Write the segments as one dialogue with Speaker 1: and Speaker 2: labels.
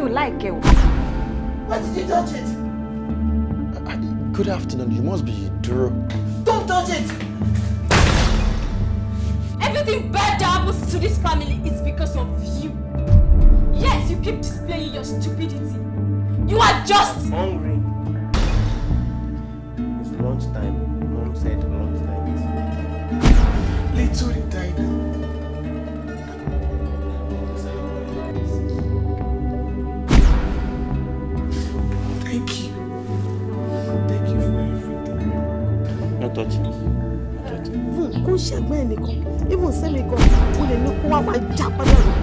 Speaker 1: mi ò láìkẹ́ o. Why did you touch it? good afternoon, you must be Duro. Don't touch it! Everything bad that happens to this family is because of you. Yes, you keep displaying your stupidity. You are just... Hungry. It's lunchtime. Mom said lunchtime is... Little did I know. Thank you. Thank you for everything. No touching. No touching. Kò ń ṣàgbẹ́ ẹnìkan, even sẹ́mi kan, o lè ní kó wá máa jà padà rẹ̀.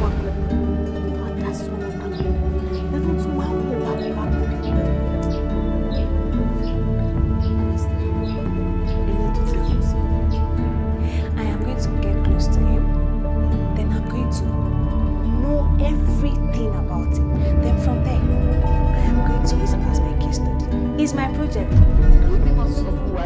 Speaker 1: This is my project.